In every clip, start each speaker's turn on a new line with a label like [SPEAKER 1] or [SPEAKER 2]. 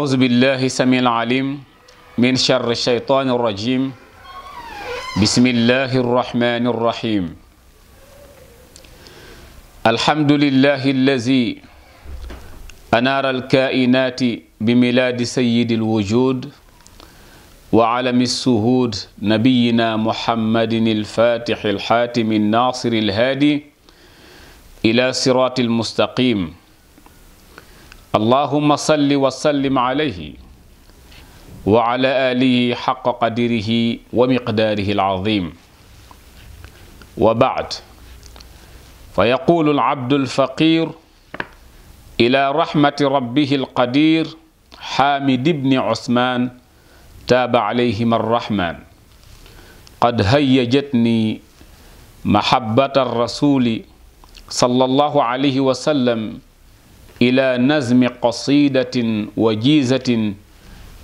[SPEAKER 1] أعوذ بالله سميع العليم من شر الشيطان الرجيم بسم الله الرحمن الرحيم الحمد لله الذي أنار الكائنات بميلاد سيد الوجود وعلم السهود نبينا محمد الفاتح الحاتم الناصر الهادي إلى صراط المستقيم اللهم صل وسلم عليه وعلى آله حق قدره ومقداره العظيم وبعد فيقول العبد الفقير إلى رحمة ربه القدير حامد بن عثمان تاب عليهما الرحمن قد هيجتني محبة الرسول صلى الله عليه وسلم إلى نزم قصيدة وجيزة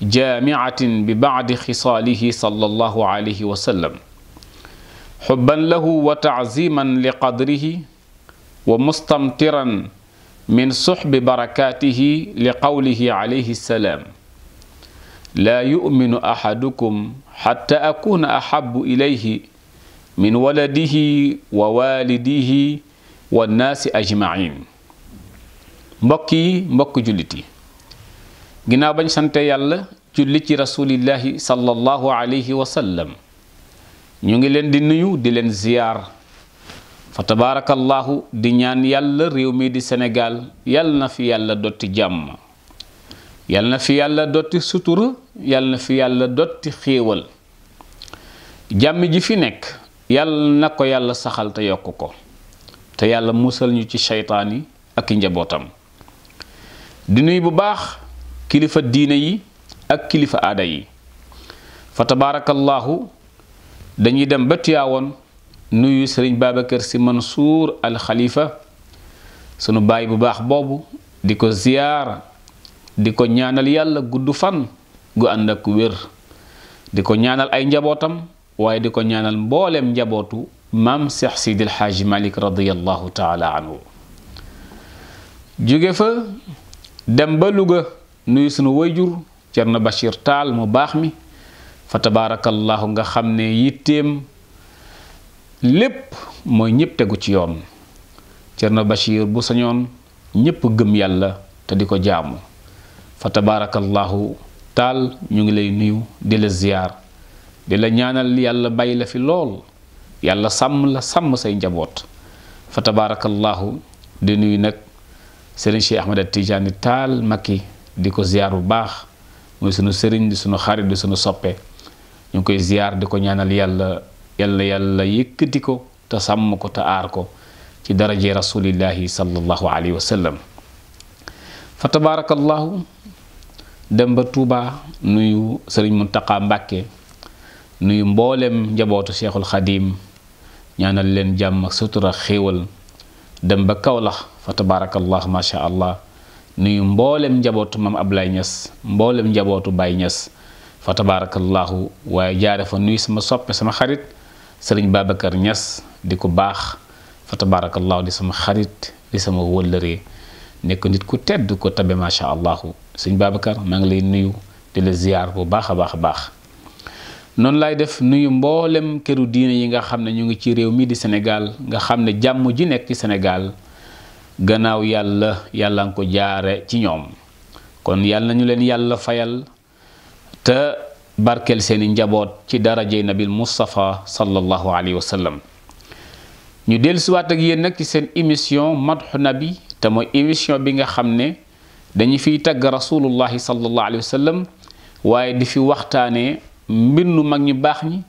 [SPEAKER 1] جامعة ببعض خصاله صلى الله عليه وسلم حبا له وتعظيما لقدره ومستمترا من صحب بركاته لقوله عليه السلام لا يؤمن أحدكم حتى أكون أحب إليه من ولده ووالده والناس أجمعين mbokk yi mbokk jullit yi ginnaaw bañ sante yàlla julli ci rasulillahi sallallahu alayhi wa ñu ngi leen di nuyu di leen ziyaar fa tabaarakallaahu di ñaan yàlla réew mi di senegaal yàlla na fi yàlla dotti jàmm yàlla na fi yàlla dotti sutura yàlla fi yàlla dotti xéewal jàmm ji fi nekk yàlla na ko yàlla saxal te yokk ko te yàlla musal ñu ci seytaan yi ak njabootam di nuyu bu baax kilifa diine yi ak kilifa aada yi fa tabaarakallaahu dañuy dem ba Tiwaawoon nuyu sëriñ Babacar Sy Mansour alxalifa sunu baay bu baax boobu di ko ziyaar di ko ñaanal yàlla gudd fan gu ànd ak wér di ko ñaanal ay njabootam waaye di ko ñaanal mbooleem njabootu maam Seex Sidil Xaaji Malik radiyallahu taala anhu jóge fa dem ba Louga nuyu sunu wayjur na Bachir Taal mu baax mi fa tabaarakallaahu nga xam ne yitteem lépp mooy ñëpp tegu ci yoon na Bachir bu sañoon ñëpp gëm yàlla te di ko jaamu fa tabaarakallaahu taal ñu ngi lay nuyu di la ziyaar di la ñaanal yàlla bàyyi la fi lool yàlla sàmm la sàmm say njaboot fa tabaarakallaahu di nuyu nag sëriñ Cheikh Ahmed Tidiane Taal yi di ko ziar bu baax mooy sunu sëriñ di sunu xarit di sunu soppe ñu ngi koy ziar di ko ñaanal yàlla yàlla yàlla yëkkati ko te sàmm ko te aar ko ci daraje rasulillahi sallallahu alayhi wa sallam fa tabarakallahu dem ba Touba nuyu sëriñ Muntaqa Mbàkke nuyu mboolem njabootu Cheikhul Xadim ñaanal leen jàmm ak sutura xéewal dem ba Kawlax fa tabaarakallah macha allah nuyu mboolem njabootu mam Ablaye ñas mboolem njabootu Baye Niass fa tabaarakallahu waaye jaare fa nuyu sama soppe sama xarit sëriñ Babacar ñas di ko baax fa tabaarakallahu di sama xarit di sama wëllëree nekk nit ku tedd ko tabe macha allah sëriñ Babacar maa ngi lay nuyu di la ziar bu baax a baax a baax. noonu laay def nuyu mboolem këru diine yi nga xam ne ñu ngi ci réew mii di Sénégal nga xam ne jàmm ji nekk ci Sénégal. gannaaw yàlla yàlla nga ko jaare ci ñoom kon yàlla nañu leen yàlla fayal te barkeel seeni njaboot ci darajey nabil mustafa sallallahu alayhi wa sallam ñu dellusiwaat ak yéen nag ci seen émission madhu nabi te mooy émission bi nga xam ne dañu fiy tagg rasulullahi sallallahu alayhi wa waaye di fi waxtaane mbir mbindu mag ñi baax ñi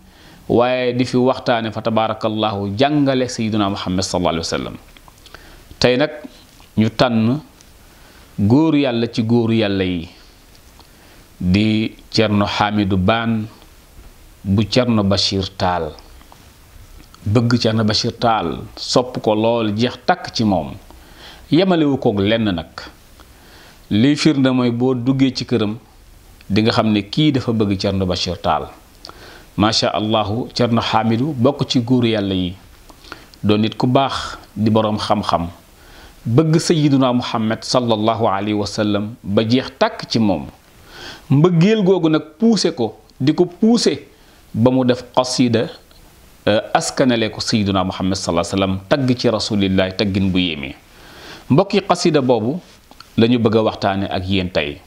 [SPEAKER 1] waaye di fi waxtaane fa tabaarakallahu jàngale sayyiduna muhammad sallallahu alayhi wa sallam tay nak ñu tànn goor yalla ci goor yalla yi di cierno hamidou ban bu cierno bashir tal bëgg kolol bashir tal sop ko lol jeex tak ci yamale wu ko lenn nak li firnde moy bo duggé ci kërëm di nga xamné ki dafa bëgg cierno bashir allahu cierno hamidou bok ci goor yalla yi do nit ku bax di borom xam-xam bëgg sayiduna muhammad sallallahu alayhi wa sallam ba jeex tàkk ci moom mbëggeel googu nag puuse ko di ko puuse ba mu def qasida euh, askanale ko sayiduna muhammad sallallahu alayhi wa sallam tagg ci rasulillahi taggin bu yéeme mbokki qasida boobu lañu bëgg a waxtaane ak yéen tey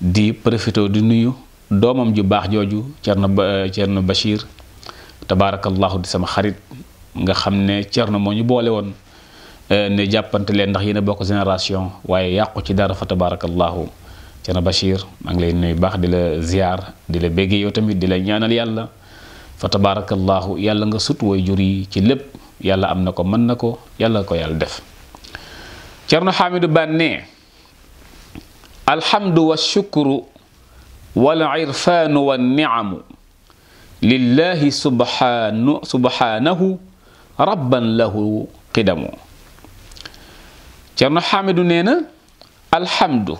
[SPEAKER 1] di profité di nuyu doomam ju baax jooju Cerno Cerno euh, Bachir tabaarakallahu di sama xarit nga xam ne Cerno moo ñu boole woon ne jàppante len ndax yena bokk génération waye yaqku ci dara fa tabaarakallaahu Ceerno Bachir maa ngi lay nuy bax dila ziar dila beggé yow tamit dila ñaanal yàlla fa tabarakallah yàlla nga sut way juri ci lépp yàlla am na ko mën na yàlla ko yàlla def Ceerno Hamidou banne alhamdu washukru wal irfaanu wan ni'am lillahi subhanahu subhanahu rabban lahu qidamu Cerno Xamidu nee na alhamdu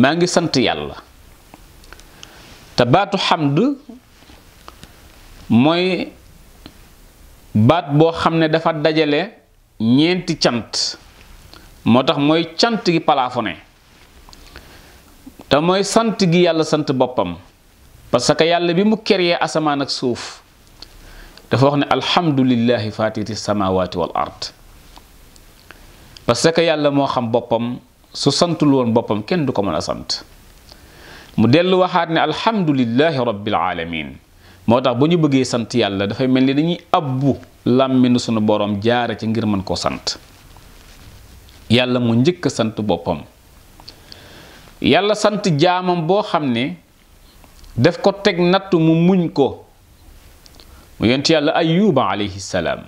[SPEAKER 1] maa ngi sant yàlla te baatu xamd mooy baat boo xam ne dafa dajale ñeenti cant moo tax mooy cant gi palaafoné te mooy sant gi yàlla sant boppam parce que yàlla bi mu créé asamaan ak suuf dafa wax ne alhamdulillahi fatiri samawati wal ard parce que yàlla moo xam boppam su santul woon boppam kenn du ko mën a sant mu dellu waxaat ni alhamdulillahi rabbil alamin moo tax bu ñu bëggee sant yàlla dafay mel ni dañuy abbu làmminu sunu boroom jaare ci ngir mën koo sant yàlla mu njëkk a sant boppam yàlla sant jaamam boo xam ne def ko teg nattu mu muñ ko mu yonent yàlla ayuba alayhi salaam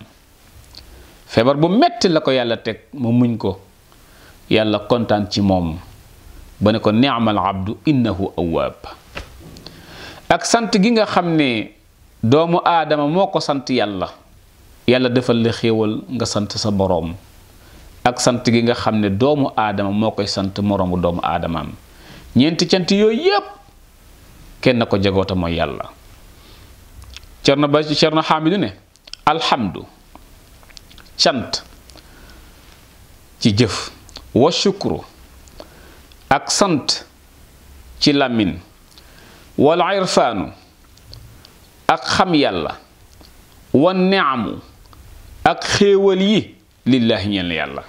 [SPEAKER 1] feebar bu metti la ko yàlla teg mu muñ ko yàlla kontaan ci moom ba ne ko ni'mal abdu innahu awwaab ak sant gi nga xam ne doomu aadama moo ko sant yàlla yàlla defal la xéewal nga sant sa boroom ak sant gi nga xam ne doomu aadama moo koy sant moroomu doomu aadamam ñeenti cant yooyu yépp kenn ko jagoote mooy yàlla cerno ba cerno xaamidu ne alhamdu cant ci jëf wa shukru ak sant ci làmmiñ wal irfaanu ak xam yàlla wa neamu ak xéewal yi lillaahi ñeel yàlla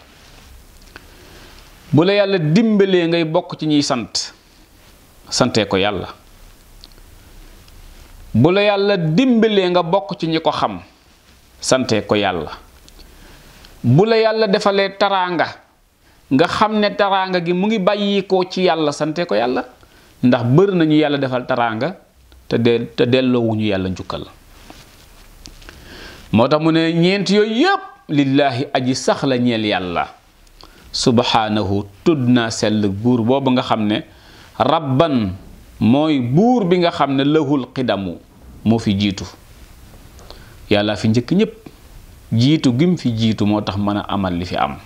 [SPEAKER 1] bu la yàlla dimbalee ngay bokk ci ñuy sant santee ko yàlla bu la yàlla dimbalee nga bokk ci ñi ko xam santee ko yàlla bu la yàlla taranga taraanga nga xamne taranga gi mu ngi ko ci yalla sante ko yalla ndax beur nañu yalla defal taranga te del te delo wuñu yalla njukal tax mu ne ñent yoy yeb lillahi aji sax la ñeel yalla Subhanahu tudna sel bur bob nga xamne rabban moy bur bi nga xamne lahul qidamu mo fi jitu yalla fi ñeek ñep jiitu gim fi jiitu moo tax mën a amal li fi am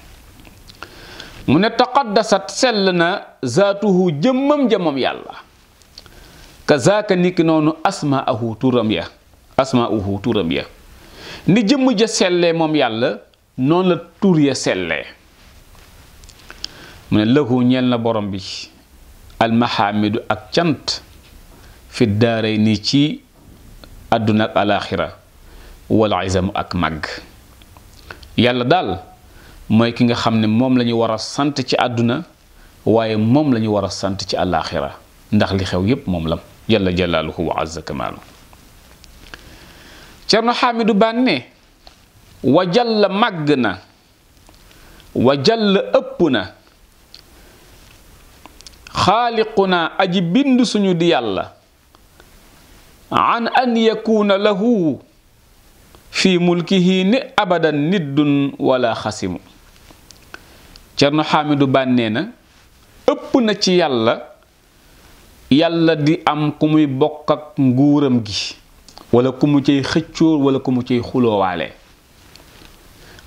[SPEAKER 1] mu ne taqaddasat sell na zaatuhu jëmmam jëmmam yàlla ka zaaka niki noonu asmaahu turam ya asmaahu ya ni jëmm ja sellee moom yàlla noonu la tur ya sellee mu ne lëhu ñeel na borom bi almahaamidu ak cant fi daaray ni ci àdduna ak alaaxira wala izamu ak màgg yàlla daal mooy ki nga xam ne moom lañu ñu war a sant ci àdduna waaye moom la ñu war a sant ci àllaaxira ndax li xew yépp moom lam jalla jalaaluhu wa azza kamaalu cerno xaamidu bànne wa jalla màgg na wa jalla ëpp na xaaliquna aji bind suñu di yàlla an an yakuuna lahu fii mulkihi ni abadan niddun wala xasimu Cerno Xaamidu bànnee na ëpp na ci yàlla yàlla di am ku muy bokk ak nguuram gi wala ku mu cay xëccoo wala ku mu cay xuloowaale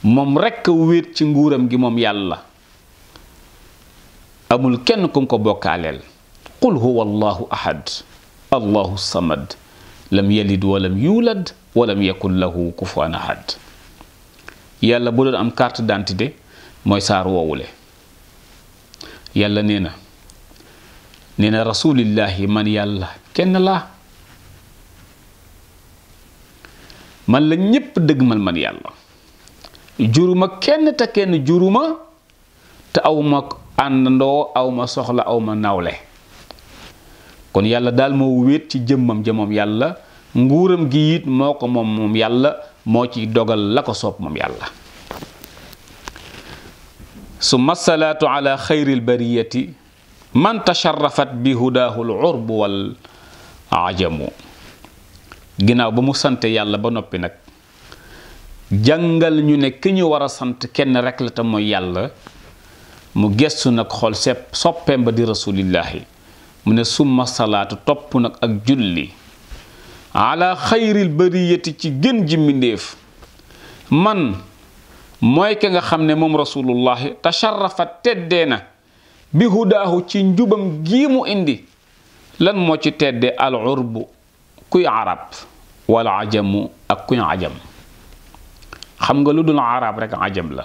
[SPEAKER 1] moom rekk wéet ci nguuram gi moom yàlla amul kenn kum ko bokkaaleel qul huwa allahu ahad allahu samad lam yalid walam yuulad walam yakun lahu kufuwan ahad yàlla bu doon am carte d'identité mooy saar woowule yàlla nee na nee na rasulillahi man yàlla kenn laa man la ñépp dëgg mal man yàlla juruma kenn te kenn juruma te awma àndandoo awma soxla awma nawle kon yàlla daal moo wéet ci jëmmam jëmmam yàlla nguuram gi it moo ko moom moom yàlla moo ci dogal la ko soob moom yàlla summa salaatu ala xayril bariyati man tasharrafat bi hudaahul urbu wal ajamu ginnaaw ba mu sante yàlla ba noppi nag jàngal ñu ne ki ñu war a sant kenn rekk la te mooy yàlla mu gestu nag xool sepp soppeem ba di rasulillahi mu ne summa salaatu topp nag ak julli ala xayril bariyati ci gën ji mbindéef man mooy ki nga xam ne moom rasulullahi tasharrafa teddee na bi hudaahu ci njubam gii mu indi lan moo ci tedde al urbu kuy arab wala ajamu ak kuy ajam xam nga lu dul arab rek ajam la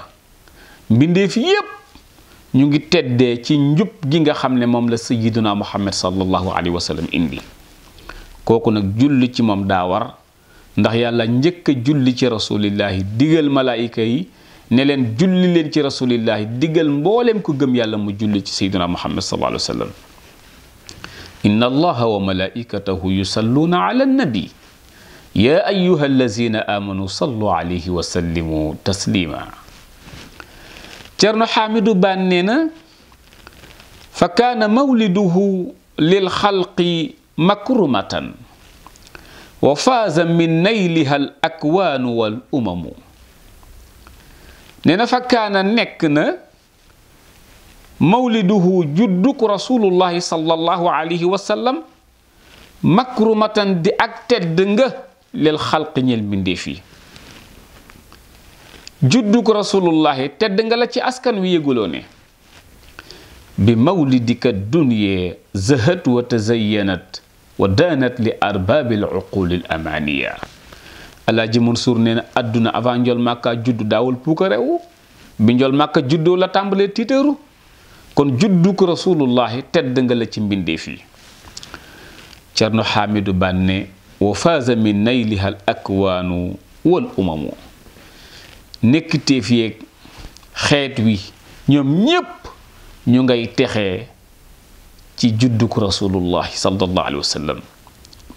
[SPEAKER 1] mbindeef yépp ñu ngi teddee ci njub gi nga xam ne moom la sayyiduna muhammad sallallahu alayhi wa sallam indi kooku nag julli ci moom daa ndax yàlla njëkk a julli ci rasulillahi digal malaayika yi ne leen julli leen ci rasulillahi digal mboolem ku gëm yàlla mu julli ci sayduna muhammad sallallahu alayhi wa sallam inna allaha wa malaikatahu yusalluuna ala annabi ya ayuha allazina amanu sallu alayhi wa sallimu taslima cerno xaamidu baan nee fa kaana mawliduhu lil xalqi makrumatan wa faaza min nayliha al akwaanu wal umamu na fa kaana nekk na mawliduhu judduk rasulullahi sallallahu alayhi wa makrumatan di ak tedd nga lil xalq ñeel mbindéef yi judduk rasulullahi tedd nga la ci askan wi yëguloo ne bi mawlidika dunyee zëhët wa tazayyanat wa daanat li arbaabil uqulil amaaniya alaaji Mansour nee na àdduna avant njol màkka juddu daawul puukarewu bi njol màkka juddoo la tàmbalee tiitaru kon juddu ko tedd nga la ci mbindeef yi Cerno Xaamidu Bànne wa faaza min nayliha al akwaanu wal umamu nekkiteef yeeg xeet wi ñoom ñépp ñu ngay texee ci judduk rasulullahi sallallahu alayhi wa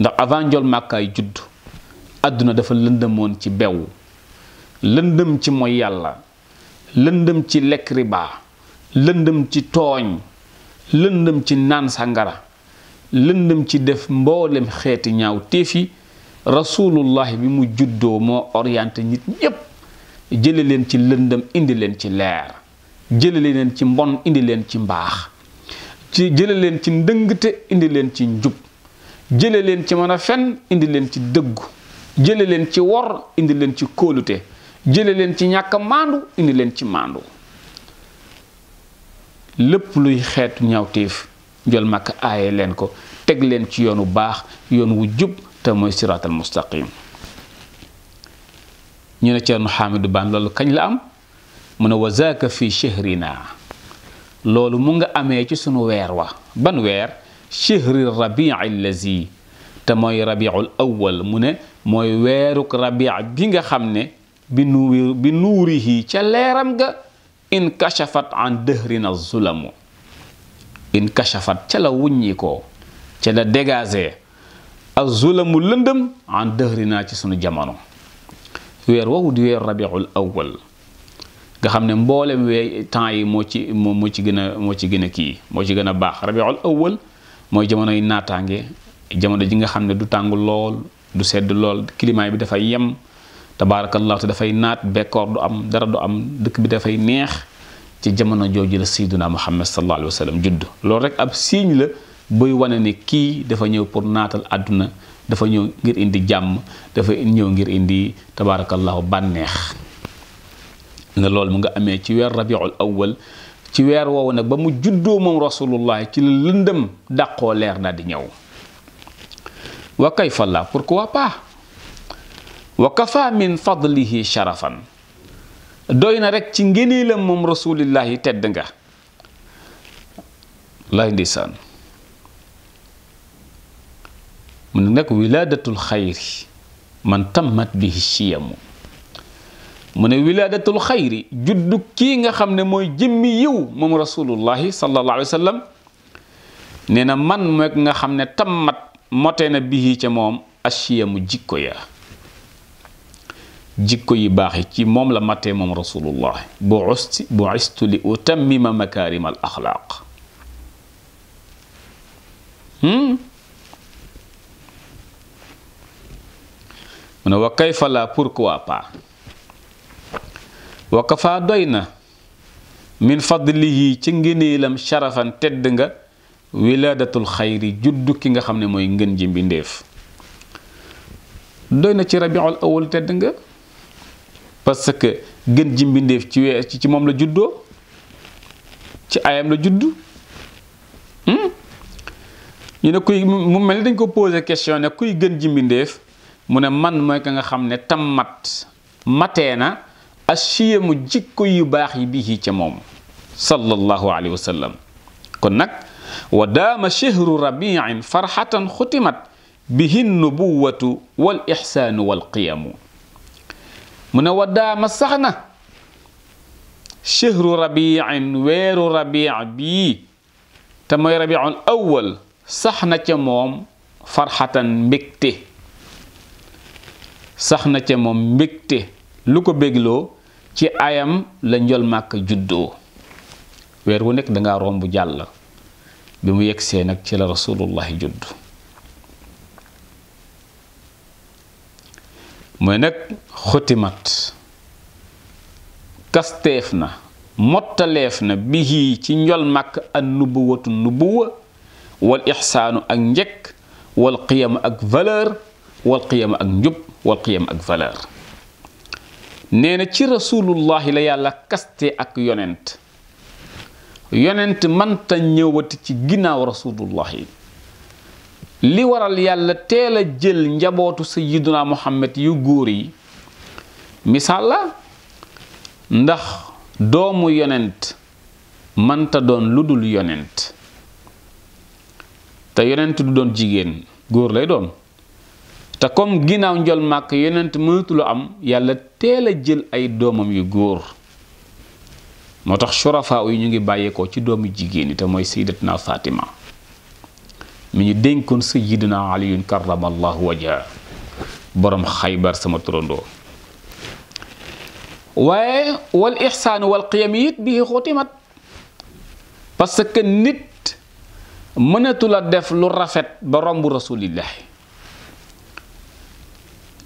[SPEAKER 1] ndax avant jol màkkaay judd àdduna dafa lëndëmoon ci bew lëndëm ci mooy yàlla lëndëm ci lekk riba lëndëm ci tooñ lëndëm ci naan sàngara lëndëm ci def mboolem xeeti ñaaw téef yi bi mu juddoo moo orienté nit ñépp jële leen ci lëndëm indi leen ci leer jële leen ci mbon indi leen ci mbaax ci jële leen ci ndëngte indi leen ci njub jële leen ci man a fen indi leen ci dëggu jële leen ci wor indi leen ci kóolute jële leen ci ñàkk a indi leen ci maandu lépp luy xeetu ñaawteef jol màkk aaye leen ko teg leen ci yoonu baax yoon wu jub te mooy siraatal mustaqim ñu ne Ceerno Xaamidu Baan loolu kañ la am mu ne wa fi chehrina loolu mu nga amee ci sunu weer wa ban weer chihri rabii allazi te mooy rabiul awal mu ne mooy weeruk rabi bi nga xam ne bi nuur bi ca leeram ga in kachafat an dëhrina zulamu in ca la wuññi ca la dégagé ak zulamu lëndëm an dëhrina ci sunu jamono weer woowu di weer rabiul awal nga xam ne mboolem wee temps yi moo ci moo moo ci gën a moo ci gën a kii moo ci gën a baax rabiul awwal mooy jamonoy naataange jamono ji nga xam ne du tàng lool du sedd lool climat bi dafay yem tabaarakallahu te dafay naat bekkoor du am dara du am dëkk bi dafay neex ci jamono jooju la sayyiduna muhammad sallallahu alayhi wa sallam judd loolu rek ab signe la buy wane ne kii dafa ñëw pour naatal àdduna dafa ñëw ngir indi jàmm dafa ñëw ngir indi tabaarakallahu bànneex ne loolu mu nga amee ci weer rabiul awwal ci weer woowu nag ba mu juddoo moom rasulullah ci la dàqoo leer na di ñëw wa kayfa la pourquoi pas wa kafa min fadlihi sharafan doy na rekk ci ngëneelam moom rasulillah tedd nga lay ndeysaan mu ne nag wilaadatul xayri man tammat bihi chiyamu mu ne wilaadatul xayri juddu kii nga xam ne mooy jëmmi yiw moom rasulullahi sallallahu alayhi wa na man meeg nga xam ne tammat mote na bihi ca moom ashiyamu jikko ya jikko yi baax yi ci moom la mattee moom rasulullah bu usti bu istu li utammima makaarima al hmm? mu ne wa kayfa la pourquoi pas wa kafaa doy na min fadlihi ci ngëneelam sharafan tedd nga wilaadatul xayri juddu ki nga xam ne mooy ngën jimbindéef mbindéef doy na ci rabiul awal tedd nga parce que gën ji mbindéef ci weer ci moom la juddoo ci ayam la juddu hmm? ñu ne kuy mu mel ni dañ ko posé question ne kuy gën ji mu ne man mooy ka nga xam ne tam mat matee na asiyamu jikko yu bax yi bi ci mom sallallahu alayhi wa sallam kon nak wa daama chehru rabiin farhatan khutimat bihi an nubuwatu wal ixsaanu wal qiyam mun ne wa daama sax na chehru rabiin weeru rabi bi te mooy rabiul awwal sahna ci mom farhatan farxatan sahna ci mom ca lu ko bégloo ci ayam la njol màkk juddoo weer wu nekk danga romb jàll bi mu yegsee nag ci la rasulullahi judd mooy nag xutimat kasteef na mottaleef na bihi ci njol màkk an nubuwatu nubuwa wal ixsaanu ak njëkk wal qiyam ak valeur wal qiyam ak njub wal qiyam ak valeur nee na ci rasulullahi la yàlla kaste ak yonent yonent mënta ñëwati ci ginnaaw rasulullahi li waral yàlla teel a jël njabootu sayyiduna muhammad yu góor yi misaal la ndax doomu yonent mënta doon lu dul yonent te yonent du doon jigéen góor lay doon te comme ginnaaw njol màkk yonent mënatula am yàlla teel a jël ay doomam yu góor moo tax surafaa yi ñu ngi bàyyeekoo ci doomu jigéen yi te mooy sayyidatuna Fatima mu ñu dénkoon sayyidina aliyun karamallahu wajha borom xaybar sama turandoo waaye wal ixsaanu wal qiyam it bi xutimat parce que nit mënatula def lu rafet ba romb rasulillahi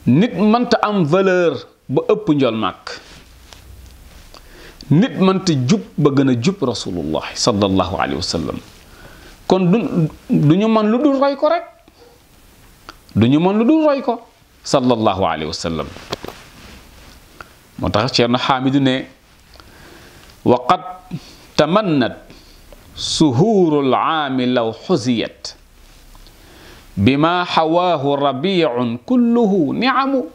[SPEAKER 1] nit mënta am valeur ba ëpp njol màkk nit mënta jub ba gën a jub rasulullah sallallahu alayhi wa kon du ñu mën lu dul roy ko du ñu mën lu dul roy ko sallallahu alayhi wa sallam moo tax Ceerno Xaamidu ne waqad tamannat suhuurul aami law xusiyat bima xawaahu rabiicun kulluhu nicamu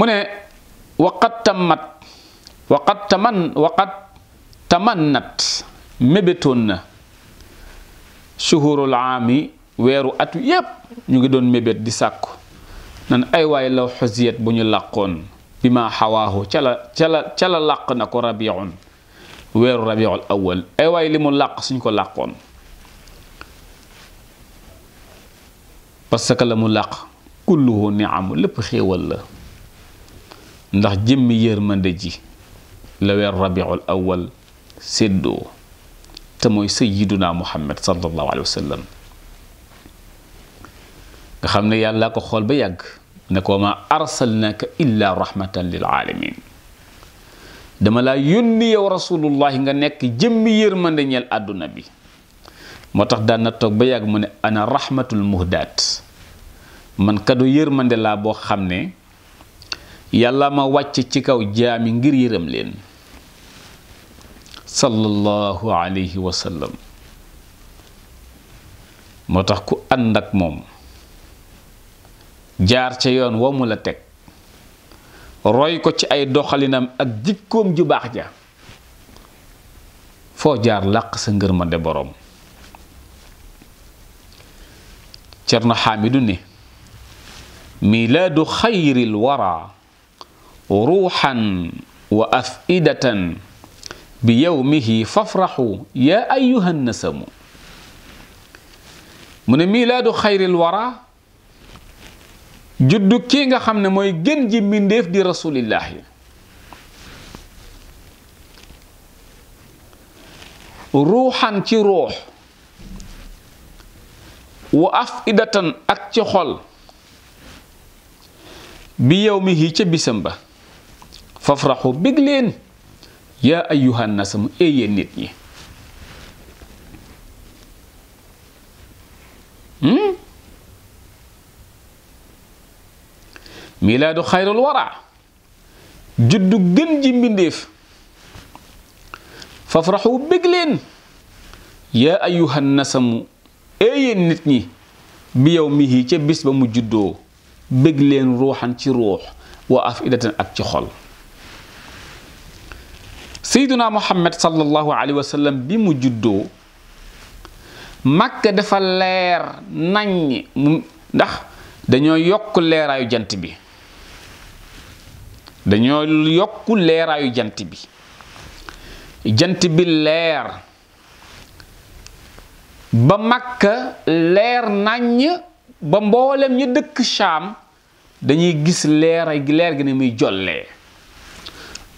[SPEAKER 1] mu ne waqad tammat waqad taman waqad tamannat mébétoon na suhurul aami weeru at yépp ñu ngi doon mébét di sàkku nan ay waay law xusiyat bu ñu làqoon bima xawaahu cala cala cala làq na ko rabiicun weeru rabiicul awal ay waay li mu làq suñ ko làqoon parce que la mu làq kulluhu niamu lépp xéewal la ndax jëmmi yërmande ji la weer rabiul awal séddoo te mooy sayiduna muhammad sallallahu alayhi wa nga xam ne yàlla ko xool ba yàgg ne ko ma arsalnaaka illa rahmatan lil alamin dama laa yónni yow rasulullahi nga nekk jëmmi yërmande ñeel àdduna bi moo tax daan na toog ba yàgg mu ne ana rahmatul muhdaat man kadu yërmande laa boo xam ne yàlla ma wàcc ci kaw jaami ngir yërëm leen sallallahu alayhi wa moo tax ku ànd ak moom jaar ca yoon wa mu la teg roy ko ci ay doxalinam ak jikkoom ju baax ja foo jaar làq sa ngërmande boroom Cerno Xaamidu ne milaadu xayril wara ruuxan wa afidatan bi yawmihi fafraxu yaa ayyuhan nasamu mu ne milaadu xayril wara juddu kii nga xam ne mooy gën ji mbindéef di rasulillahi ruuxan ci ruux wa af ak ci xol bi yow mi hii ca bisam ba fafraxu bég leen yaa ayyuhan nas mu éeyee nit ñi hmm? milaadu xayrul wara juddu gën ji mbindéef fafraxu bég yaa ayyuhan nasamu ee nit ñi bi yow mihi ca bis ba mu juddoo bëgg leen ruuxan ci ruux wa afidatan ak ci xol seyduna muhammad sallallahu alayhi wa bi mu juddoo màkk dafa leer nañ mu ndax dañoo yokk leeraayu jant bi dañoo yokk leeraayu jant bi jant bi leer ba makka leer naññ ba mboolem ñu dëkk Shaam dañuy gis leer leer gi ne muy jollee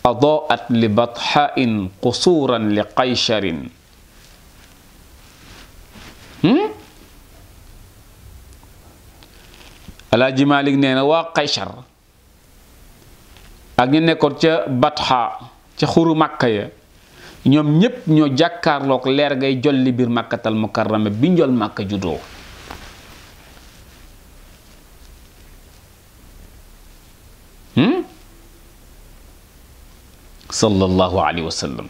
[SPEAKER 1] adaat li batxain qusuuran li qaycharin hmm? alaaji Maalik waa qaychar ak ñu nekkoon ca batxa ca xuru makka ya ñoom ñépp ñoo jàkkaarlook leer ngay jolli biir màkkatal mukarrama bi njol màkka ju hmm? sallallahu alayhi wa sallam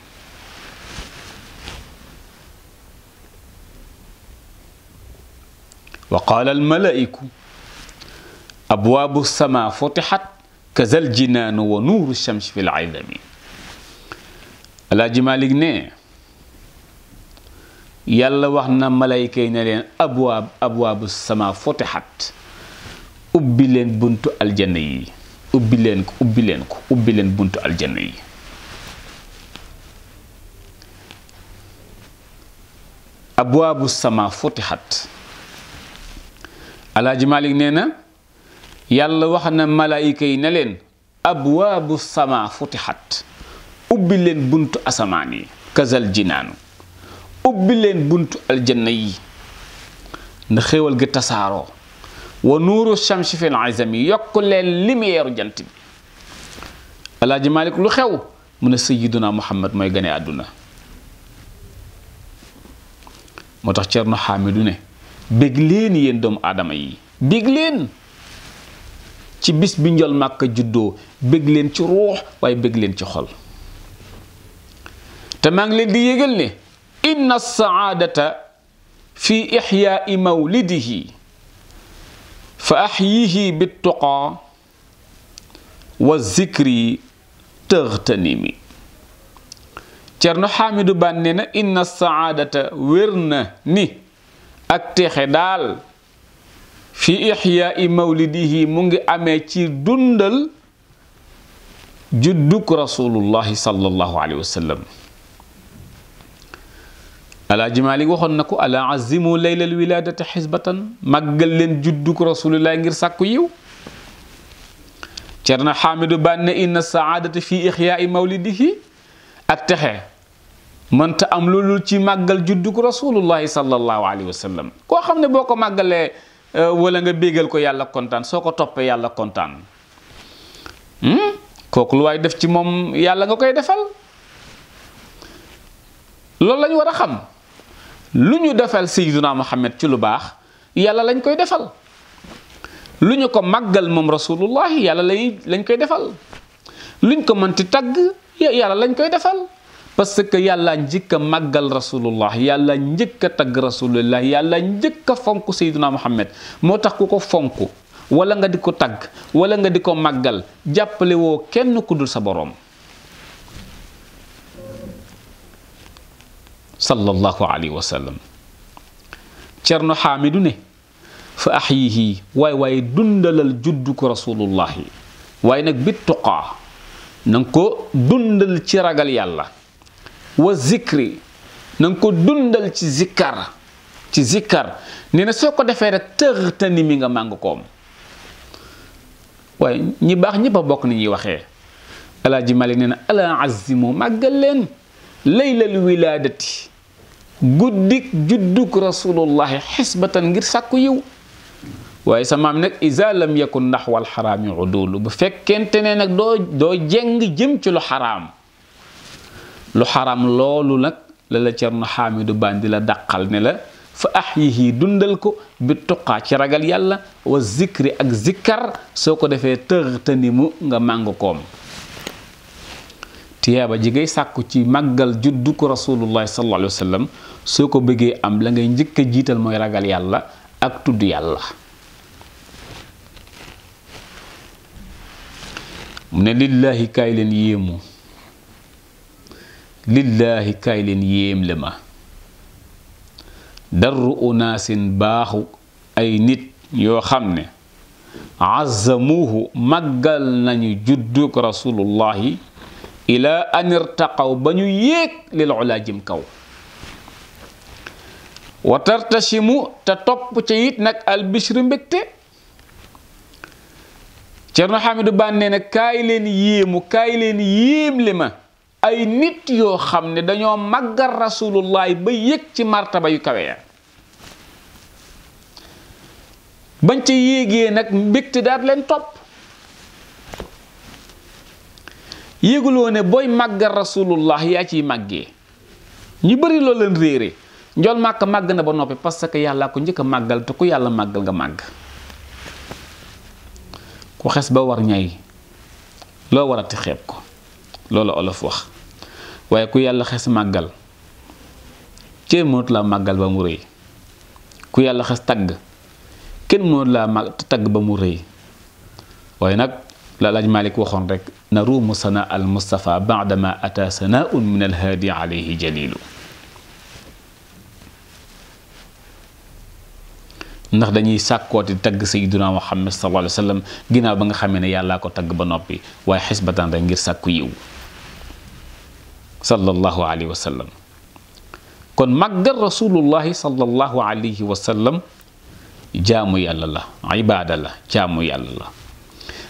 [SPEAKER 1] wa qaala almalaa'iku abwaabu samaa futixat kazal jinaanu wa nuuru shamsi fi l alaaji Malik ne yàlla wax na malayka yi ne leen abwaab abwaabu sama fotixat ubbi leen buntu aljanna yi ubbi leen ko ubbi leen ko ubbi leen buntu aljanna yi abwaabu sama fotixat alaaji Malik nee na yàlla wax na malayka yi ne leen abwaabu sama fotixat ubbi leen buntu asamaan yi kazal jinaanu ubbi leen buntu aljanna yi nda xéewal gi tasaaroo wa nuuru shamsi fil azami yokk leen lumière jant bi alaaji malik lu xew mu ne sayiduna muhammad mooy gane àdduna moo tax cerno xaamidu ne bég leen yéen doomu aadama yi bég leen ci bis bi njol màkk juddoo bég leen ci ruux waaye bëgg leen ci xol تمانلي ديجل إن السعادة في إحياء مولده فأحييه بالتقى والذكر تغتنمي تيرنو حامد بانينا إن السعادة ورن ني أكتخدال في إحياء مولده مونغي أميتي دندل جدك رسول الله صلى الله عليه وسلم alaaji Maalik waxoon na ko ala azimu laylal wilaadati xisbatan màggal leen juddug rasulillah ngir sàkku yiw na Xaamidu Bànne inna saadata fi ixyaai mawlidihi ak texe mënta am lu loolu ci màggal juddug rasulullahi sallallahu alayhi wa koo xam ne boo ko màggalee euh, wala nga bégal ko yàlla kontaan soo ko toppee yàlla kontaan hmm? kooku lu waay def ci moom yàlla nga koy defal loolu lañu war a xam lu ñu defal sayyiduna Muhammad ci lu baax yàlla lañ koy defal lu ñu ko màggal moom rasulullah yàlla lañ lañ koy defal luñ ko mënti tagg yàlla lañ koy defal parce que yàlla njëkk a màggal rasulullah yàlla njëkk a tagg rasulullah yàlla njëkk a fonk sayyiduna Muhammad moo tax ku ko fonk wala nga di ko tagg wala nga di ko màggal jàppalewoo kenn ku dul sa boroom sallallahu alayhi wa sallam cerno xaamidu ne fa axyihi waay waaye dundalal juddu ko rasulullahi waaye nag bi tuqaa nanga ko dundal ci ragal yàlla wa zikri nanga ko dundal ci zikkar ci zikkar nee na soo ko defee rek tëxtani mi nga màng koom waaye ñi baax ñëpp a bokk ni ñuy waxee alaaji mali nee na ala azimu màggal laylal wilaadati guddik judduk rasulullahi xisbatan ngir sàkku yiw waaye sa maam nag isa lam yakun naxwal xaraami udulu bu fekkente ne nag doo doo jeng jëm ci lu xaraam lu xaraam loolu nag la la Cerno Xaamidu Bandi la dàqal ne la fa ahyihi dundal ko bi tuqaa ci ragal yàlla wa zikri ak zikkar soo ko defee tëxtanimu nga màng koom tiyaaba ji ngay sàkku ci màggal juddu ko rasulullahi soo ko bëggee am la ngay njëkk a jiital mooy ragal yàlla ak tudd yàlla mu ne lillaahi kaay leen yéemu lillaahi kaay leen yéem le ma darru unaasin baaxu ay nit yoo xam ne azzamuuhu màggal nañu judduk rasulullahi ila an irtaqaw ba ñu yéeg lil ulaa jëm kaw wa tartashimu te topp ca it nag albishru mbégte Cerno Xamidu Baan nee na kaay leen yéemu kaay leen yéem li ma ay nit yoo xam ne dañoo màggal rasulullahi ba yëg ci martaba yu kawe ya bañ ca yéegee nag mbégte daat leen topp yéeguloo ne booy màggal rasulullah yaa ciy màggee ñi bëri lool leen réere njool màkk màgg na ba noppi parce que yàllaa ko njëkk a màggal te ku yàlla màggal nga màgg ku xes ba ñay loo ko loolu olof waaye ku yàlla xes màggal kenn mënut laa màggal ba mu rëy ku yàlla xes tagg kenn mënut laa màgg tagg ba mu rëy waaye nag لا laaj مالك وخون رك نروم صنع المصطفى بعدما اتى سناء من الهادي عليه جليل ndax dañuy sàkkooti tagg sayyiduna Muhammad sallallahu alayhi wasallam sallam ba nga xamee ne yàllaa ko tagg ba noppi way hisbatan rek ngir sàkku yiw sallallahu alayhi wasallam kon magal rasulullah sallallahu alayhi wasallam sallam jaamu yàlla la ibadallah la jaamu yàlla la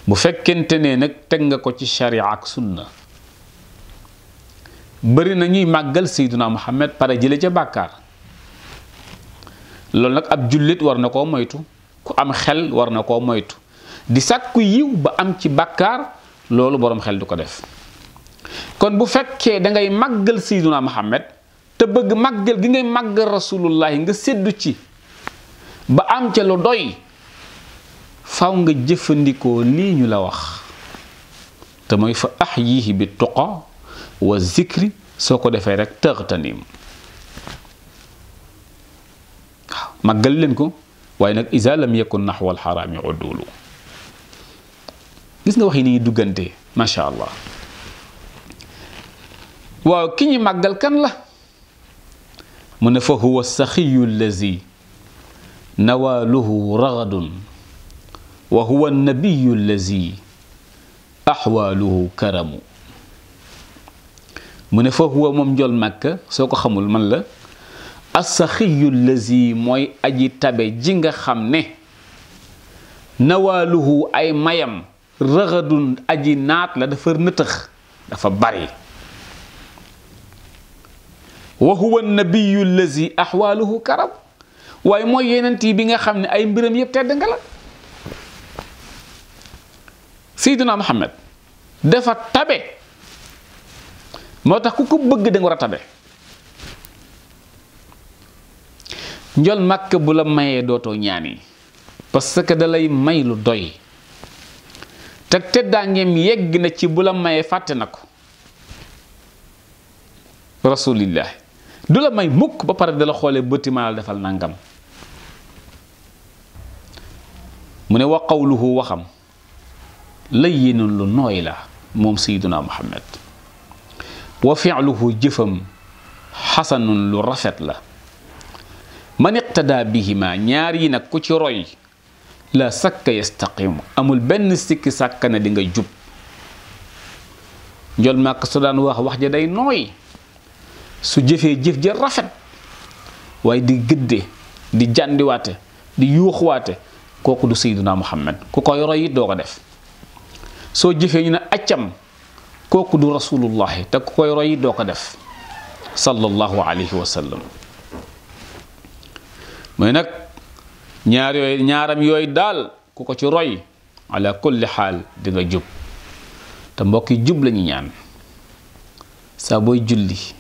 [SPEAKER 1] bu fekkente ne nag teg nga ko ci sharia ak sunna bëri na ñuy màggal sayduna muhammad pare jële ca bàkkaar loolu nag ab jullit war na koo moytu ku am xel war na koo moytu di sàkku yiw ba am ci bàkkaar loolu boroom xel du ko def kon bu fekkee dangay màggal sayduna muhammad te bëgg màggal gi ngay màggal rasulullahi nga séddu ci ba am ca lu doy faaw nga jëfandikoo lii ñu la wax te mooy fa ahyihi bi tuqa wa zikri soo ko defee rek tëxtanim waaw màggal leen ko waaye nag isa lam yakun naxwa alxaraami udulu gis nga wax yi ni ñuy duggante macha allah waaw ki ñu màggal kan la mu ne fa huwa saxiyu allazi nawaaluhu ragadun وهو النبي الذي أحواله كرم من فهو ممجل مكة سوكو خمول من لا السخي الذي موي أجي تابي جنغ خمنه nawaaluhu ay mayam rëxadun aji naat la dafa nëtëx dafa bari wa huwa nabiyu allazi axwaaluhu karam waaye mooy yenent yi bi nga xam ne ay mbiram yëpp tedd nga la sayyidina muhammad dafa tabe motax kuku ko bëgg da nga wara tabe njol makka bu la maye doto ñaani parce que dalay may lu doy tak dangem yegg na ci bu maye fatte nako rasulillah du la may mukk ba pare da la xoolee bëtti maa defal nangam mune wa qawluhu waxam layyinun lu nooy la moom sayyiduna muhammad wa fi'luhu jëfam xasanu lu rafet la man iqtada bihima ñaar yi nag ku ci roy la sakka yastaqimu amul benn sikki sàkk na di nga jub njol màkk su daan wax wax ja day nooy su jëfee jëf ja rafet waaye di gëdde di jàndiwaate di yuuxuwaate kooku du sayyiduna muhammad ku koy roy it doo ko def soo jëfee ñu ne accam kooku du rasulullahi te ku koy roy doo ko def sallallahu alayhi wa sallam mooy nag ñaar yooyu ñaaram yooyu daal ku ko ci roy ala kulli xaal di nga jub te mbokki jub la ñu ñaan saa booy julli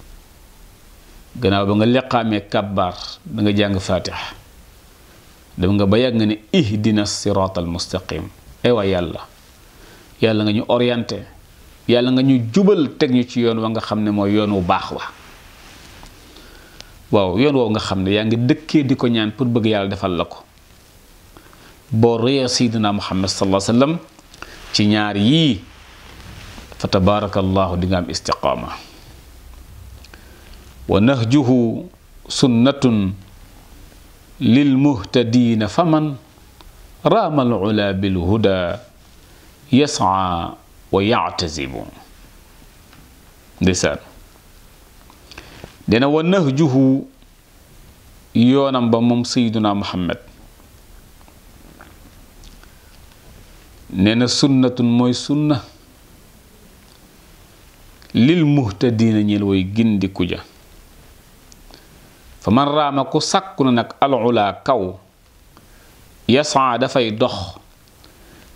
[SPEAKER 1] gannaaw ba nga leqaamee kàbbaar da nga jàng faatiha dem nga ba yàgg nga ne ihdina siraat al mustaqim ay yàlla yalla nga ñu orienté yalla nga ñu jubal tek ñu ci yoon wa nga xamne ne yoon wu bax wa waaw yoon wo nga xamne ya nga dekké diko ñaan pour bëgg yalla defal lako bo reya sayyidina muhammad muhammad Sallallahu wasallam ci ñaar yi fa tabarakallahu di nga am lil wa nahjuhu sunnatun muhtadin faman ramal al ula huda yasaa wa yactasibu ndeysaan dina wa nahjuhu yoonam ba moom sayyiduna muhammad nee na sunnatun mooy sunna lil muhtadiina ñeel way gindi ja fa man raama ku sàkku na nag al ulaa kaw yasaa dafay dox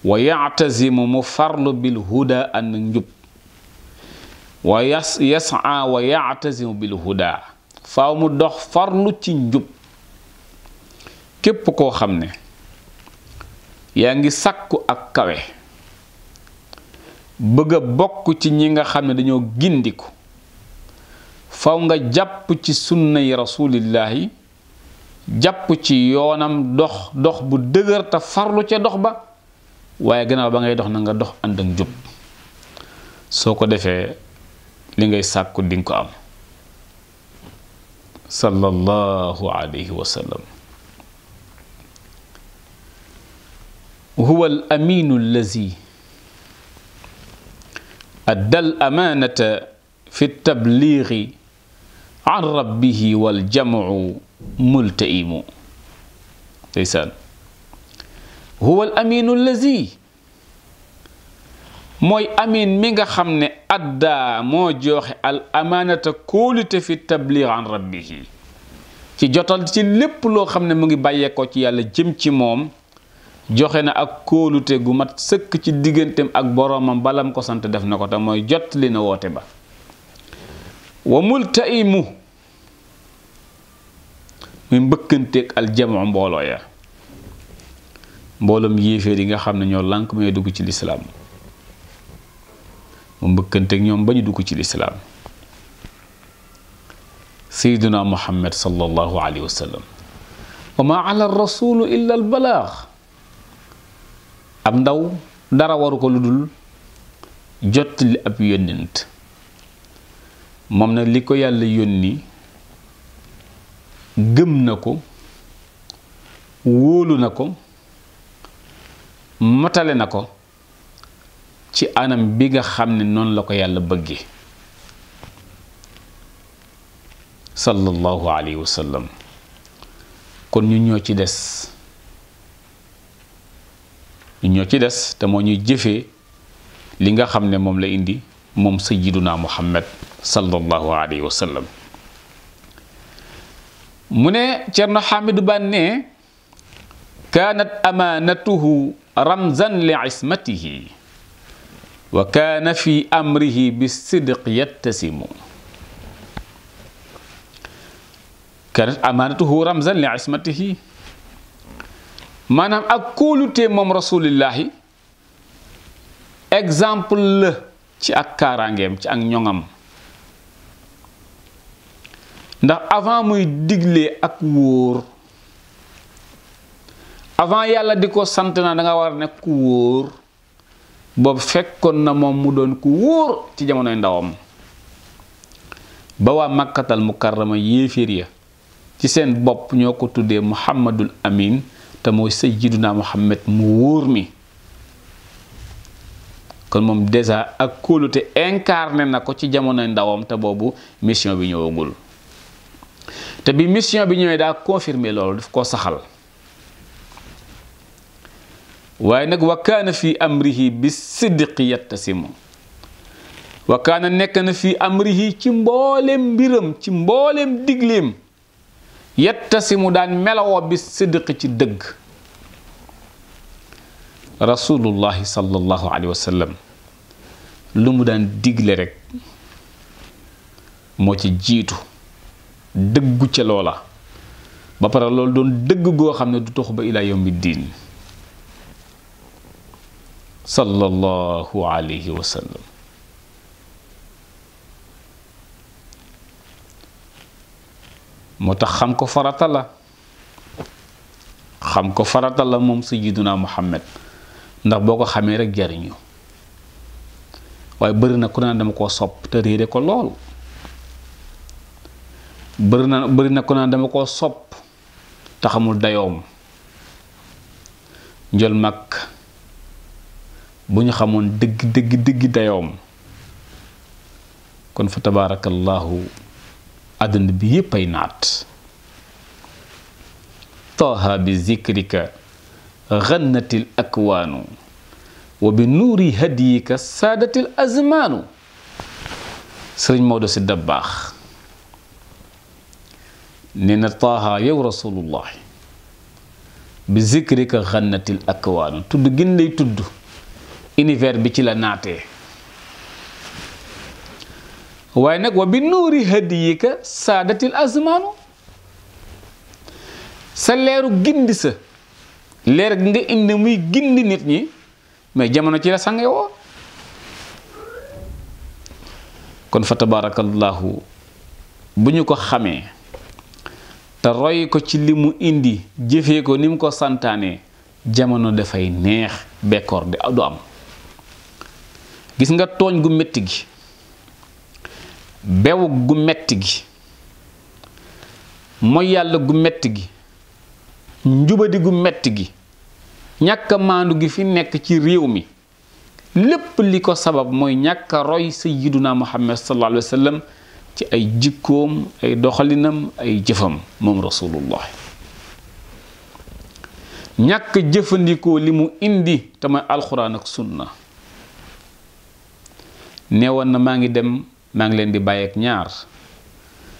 [SPEAKER 1] wa yactasimu mu farlu bil huda ànd njub wa yas yasaa wa yactasimu bil huda faaw mu dox farlu ci njub képp koo xam ne yaa ngi sakku ak kawe bëgg bokk ci ñi nga xam ne dañoo gindiku faw nga jàpp ci sunna yi rasuulillaahi jàpp ci yoonam dox dox bu dëgër te farlu ca dox ba waye gënaaw ba ngay dox na nga dox ànd ak jub soko defé li ngay sàkku ding ko am sallallahu alayhi wa sallam huwa al aminu allazi adda al amanata fi ltabliigi an rabbihi waljamcu multaimu ndeysaan huwa al aminu mooy amin mi nga xam ne addaa moo joxe al amaanata kóolute fi tabliig an rabbihi ci jotal ci lépp loo xam ne mu ngi bàyyeekoo ci yàlla jëm ci moom joxe na ak kóolute gu mat sëkk ci digganteem ak boroomam balam ko sant def na ko te mooy jot li na woote ba wa multaimu muy mbëkkanteeg aljamu mbooloo ya mbooloom yéeféer yi nga xam ne ñoo lànk may dugg ci lislaam mu mbëkkanteeg ñoom ba ñu dugg ci lislaam sayduna muhammad sallallahu alayhi wa wa ma ala rasulu illa al ab ndaw dara waru ko lu dul jot li ab yónnent moom nag li ko yàlla yónni gëm na ko wóolu na ko motale na ko ci anam bi nga xam ne noonu la ko yàlla bëgge sallallahu alayhi wa kon ñu ñoo ci des ñu ñoo ci des te moo ñuy jëfee li nga xam ne moom la indi moom sayyiduna muhammad sallallahu alayhi wa sallam mu ne Cerno Xaamidu Ban ne kaanat amaanatuhu ramzan li ismatihi wa kaana fi amrihi bi sidq yattasimu kanat amaanatuhu ramzan li ismatihi maanaam ak kóolutee moom rasulillahi exemple la ci ak kaaraangeem ci ak ñoŋam ndax avant muy diglee ak wóor avant yalla diko ko sant na da nga war ne ku wor boobu fekkon na mom mu don ku wor ci jamono ndawam ba waa makkatal mukarrama yéeféer ya ci sen bop ñoko tuddé muhammadul amin ta moy sayyiduna muhammad mu wor mi kon moom déjà ak kóolute incarné na ko ci jamono ndawam ta bobu mission bi ñëwagul te bi mission bi da confirmer lolu daf ko saxal waaye nag wa kaana fi amrihi bi siddiqi yattasimu wa kaana nekk na fi amrihi ci mboolem mbiram ci mboolem digleem mu daan melawoo bi siddiqi ci dëgg rasulullahi sallallahu alayhi wa lu mu daan digle rekk moo ci jiitu dëggu ca loola ba pare loolu doon dëgg goo xam ne du tox ba ilaa yawmi diin sallallahu alayhi wa moo tax xam ko farata xam ko faratala la moom sayyiduna Muhammad ndax boo ko xamee rek jariñu waaye bëri na ku naan dama koo sopp te réere ko lool bërina na bëri na ku naan dama koo sopp te xamul dayoom njol mag bu ñu xamoon dëgg dëgg dëgg dayoom kon fa tabaarakallaahu àdduna bi yépp ay naat taaha bi zikrika gannatil akwaanu wa bi nuuri hadiyika saadatil azmaanu sëriñ Maodo si dabbaax nee na taaha yow rasulullah bi zikrika gannatil akwaanu tudd gin lay tudd univers bi ci la naatee waaye nag wa bi nuuri hadiyika saadatil azmaanu sa leeru gindi sa leer gi nga indi muy gindi nit ñi mais jamono ci la sange kon fa tabarakallahu bu ñu ko xamee te roy ko ci li mu indi jëfee ko ni mu ko santaane jamono dafay neex bekkoor di du am gis nga tooñ gu metti gi bew gu metti gi mooy yàlla gu metti gi njubadi gu metti gi ñàkk a maandu gi fi nekk ci réew mi lépp li ko sabab mooy ñàkk a roy sayyiduna muhammad sallallahu alayhi wa sallam ci ay jikkoom ay doxalinam ay jëfam jëfandikoo li mu indi te mooy alxuraan ak sunna neewoon na maa ngi dem maa ngi leen di bàyyeek ñaar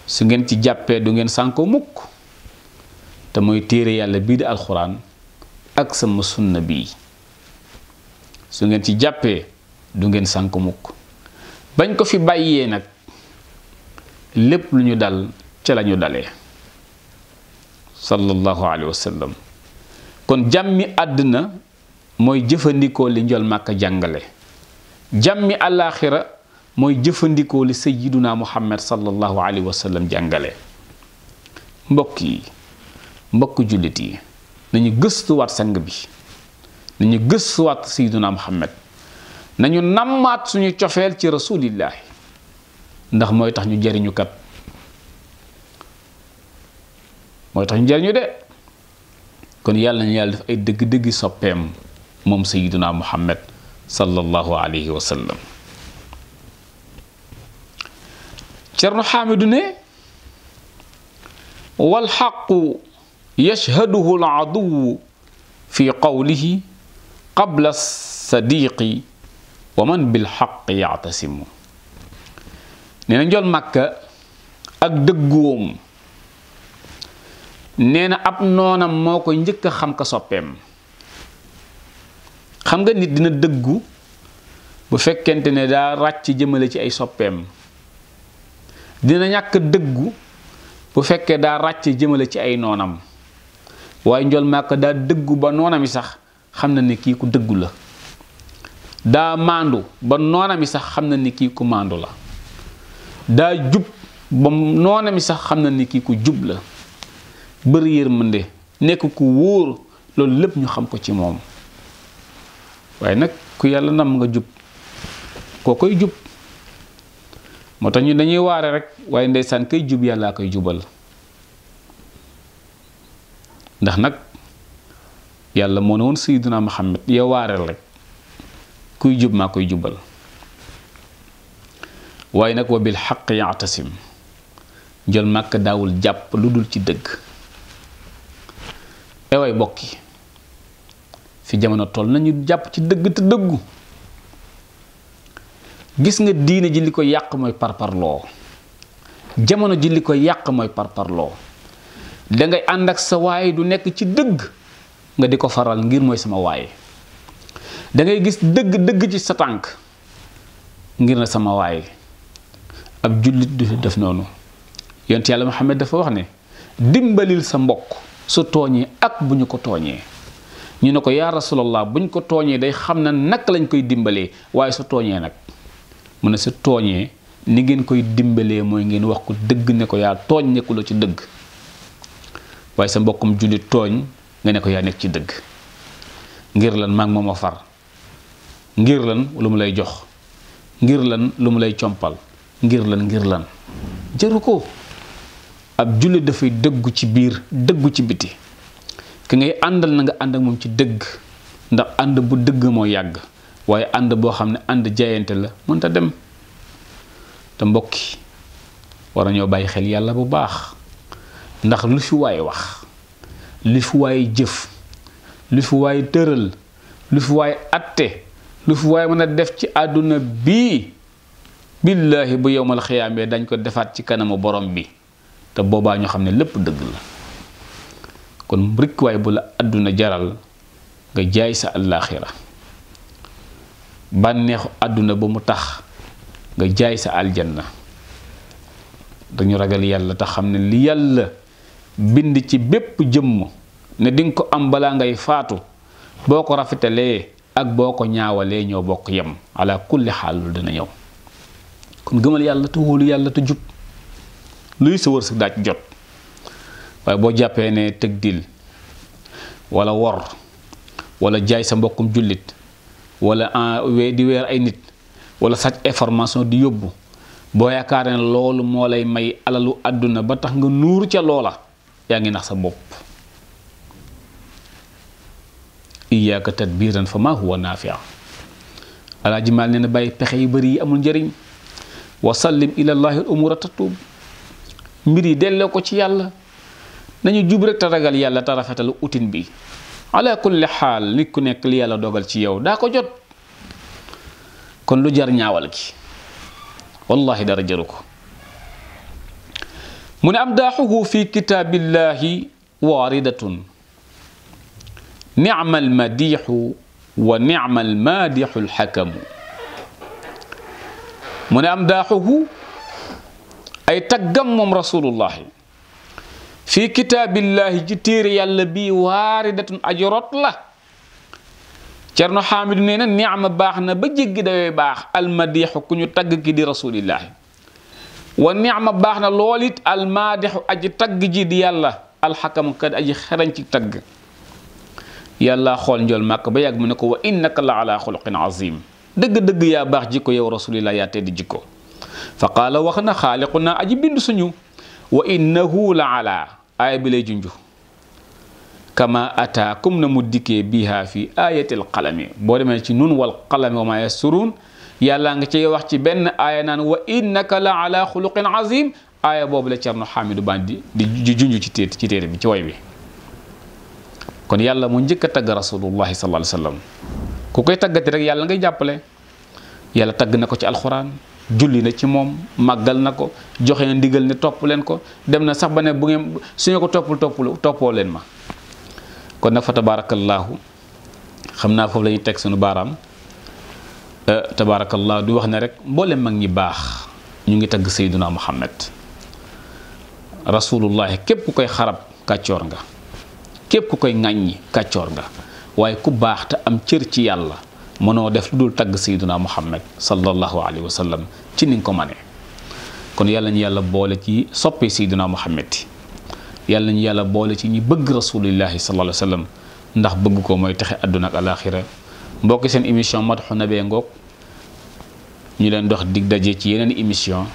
[SPEAKER 1] su ngeen ci jàppee du ngeen sànko mukk te mooy téere yàlla bii di alxuraan ak sama sunna bii su ngeen ci jàppee du ngeen sànko mukk bañ ko fi bàyyee nag lépp lu ñu dal ca lañu ñu dalee sallallahu alayhi wa kon jàmmi àddina mooy jëfandikoo li njol màkk jàngale jàmmi àllaaxira mooy jëfandikoo li sayyiduna muhammad sallallahu alayhi wa sallam jàngale mbokk yi mbokk jullit yi nañu gëstuwaat sang bi nañu gëstuwaat sayyiduna muhammad nañu nammaat suñu cofeel ci rasulillahi ndax mooy tax ñu jariñukat mooy tax ñu jariñu de kon yàlla nañu yàlla def ay dëgg-dëggi soppeem moom sayyiduna muhammad صلى الله عليه وسلم شرن حامد والحق يشهده العدو في قوله قبل الصديق ومن بالحق يعتصم نينجول مكة اك دغوم نينا اب موكو نجيك خامك سوبيم xam nga nit dina deggu bu fekkente ne daa ràcc jëmale ci ay soppeem dina ñàkk deggu bu fekke daa ràcc jëmale ci ay noonam waaye njol màkk daa deggu ba noonami sax xam na ne kii ku deggu la daa maandu ba noonami sax xam na ni kii ku maandu la daa jub ba noonami sax xam na ni kii ku jub la bëri yërmande nekk ku wóor loolu lépp ñu xam ko ci moom waaye nag ku yàlla nam nga jub koo koy jub moo tax ñu dañuy waare rek waaye ndeysaan kay jub yàllaa koy jubal ndax nag yàlla moo ne woon sayyiduna Muhammad ya waareel rek kuy jub maa koy jubal waaye nag wa bil xaq yaatasim njol màkk daawul jàpp lu dul ci dëgg ewaay bokki fi jamono toll nañu japp ci deug te deug gis nga diine ji liko yak moy parparlo jamono ji liko yak moy parparlo da ngay andak sa waay du nek ci deug nga diko faral ngir moy sama waay da ngay gis deug deug ci sa tank ngir na sama waay ab julit du def nonu yonte yalla muhammad dafa wax ne dimbalil sa mbokk su toñi ak buñu ko ñu ne ko yaa rasulallah buñ ko tooñee day xam na naka lañ koy dimbalee waaye su tooñee nag mu ne su tooñee ni ngeen koy dimbalee mooy ngeen wax ko dëgg ne ko yaa tooñ nekkuloo ci dëgg waaye sa mbokkum jullit tooñ nga ne ko yaa nekk ci dëgg ngir lan maag moom a far ngir lan lu mu lay jox ngir lan lu mu lay compal ngir lan ngir lan jëru ko ab jullit dafay dëggu ci biir dëggu ci biti ki ngay àndal na nga ànd ak moom ci dëgg ndax ànd bu dëgg moo yàgg waaye ànd boo xam ne ànd jaayante la mënta dem te mbokki war a ñoo bàyyi xel yàlla bu baax ndax lu fi waay wax lu fi waay jëf lu fi waay tëral lu fi waay atte lu fi waay mën a def ci àdduna bii billaahi bu yowmal xiyaamee dañ ko defaat ci kanamu borom bi te boobaa ñoo xam ne lépp dëgg la kon rikkuwaay bu la àdduna jaral nga jaay sa àllaaxira bànneexu àdduna ba mu tax nga jaay sa aljanna dañu ragal yàlla tax xam ne li yàlla bind ci bépp jëmm ne dinga ko am balaa ngay faatu boo ko rafetalee ak boo ko ñaawalee ñoo bokk yem ala kulli xaal lu dina ñëw kon gëmal yàlla te wóolu yàlla te jub luy sa wërsëg daa ci jot waaye bo jappé né tëg wala wor wala jaay sa mbokum julit wala en euh, di wér ay nit wala sax information di yobbu bo yakaré loolu lay may alalu aduna ba tax nga nuur ca loola yaa ngi nax sa bopp iyaaka tadbiran fa huwa nafi' ala jimal nee bay pexé bari amul wa sallim ila allah al tatub mbiri ko ci yalla nañu jub rek te ragal yàlla te rafetal utin bi ala kulli xaal nit ku nekk li yàlla dogal ci yow daako jot kon lu jar ñaawal gi wallahi dara jaru ko mu ne am daaxuhu fi kitaabillahi waaridatun nicma almadixu wa nicma almaadixu alxakamu mu ne am daaxuhu ay taggam moom rasulullahi fii kitaabillahi ci téere yàlla bii waaridatun aju rot la cerno xaamidu nee na niama baax na ba jéggi dayooy baax almadixu ku ñu tagg ki di rasulillahi wa niama baax na lool it almadixu aji tagg ji di yàlla alxakamu kat aji xerañ ci tagg yàlla xool njool màkk ba yàgg mu ne ko wa innaka la ala xuluqin azim dëgg-dëgg yaa baax jikko yow rasulillah yaa tedd jikko fa qaala wax na xaaliqu naa aji bind suñu wa innahu la ala aaya bi lay junju kama ata comme na mu dikkee biha fi ayatil qalami boo demee ci nun wal qalami wa ma yasturuun yàlla nga cay wax ci benn aaya naan wa innaka la ala xuluqin azim aaya boobu la Cerno Xaamidu Bandi di junju ci téere ci téere bi ci woy bi kon yàlla mu njëkk a rasulullahi sallallahu alayhi wa sallam ku koy taggati rek yàlla ngay jàppale yàlla tagg na ko ci alxuraan julli na ci moom màggal na ko joxe ndigal ne topp leen ko dem na sax ba ne bu ngeen su ñu ko toppul toppul toppoo leen ma kon nag fa tabaarakallaahu xam naa ko la ñuy teg sunu baaraam euh, tabaarakallaahu du wax ne rek mboole mag ñi baax ñu ngi tagg sayduna muhammad rasulullahi képp ku koy xarab kàccoor nga képp ku koy ŋàññi kàccoor nga waaye ku baax te am cër ci yàlla mëno def luddul tag tagg sayyiduna muhammad sallallahu alayhi wa sallam ci ni ko mané kon yàlla ñu yàlla boole ci soppé sayyiduna muhammad yàlla ñu yàlla boole ci ñi bëgg rasulullah sallallahu alayhi wa sallam ndax bëgg ko moy taxé aduna ak alaxira mbokk seen émission madhu nabé ngok ñu leen dox dig daje ci yeneen émission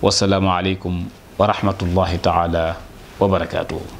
[SPEAKER 1] wasalaamu aleykum wa rahmatullahi taala wa barakatuh